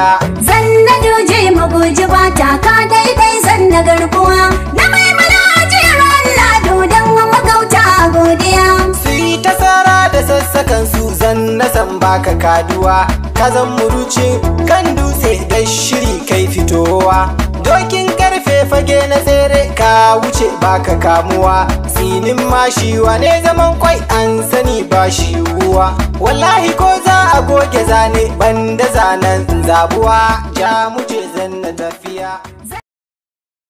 Zanna doje magoji ba ta ka daidai zanna garkuwa na maimuna dodon lado don a godiya. Su ta tsara da sassakan su zanna san baka kaduwa ka zan muruci kan dutse da shiri kai fitowa. Dokin karfe fage na tsere ka wuce baka kamuwa tsinin mashi wane zaman kwai an sani ba shi wallahi ko za a goge zane banda zanen zabuwa ja muje zanna tafiya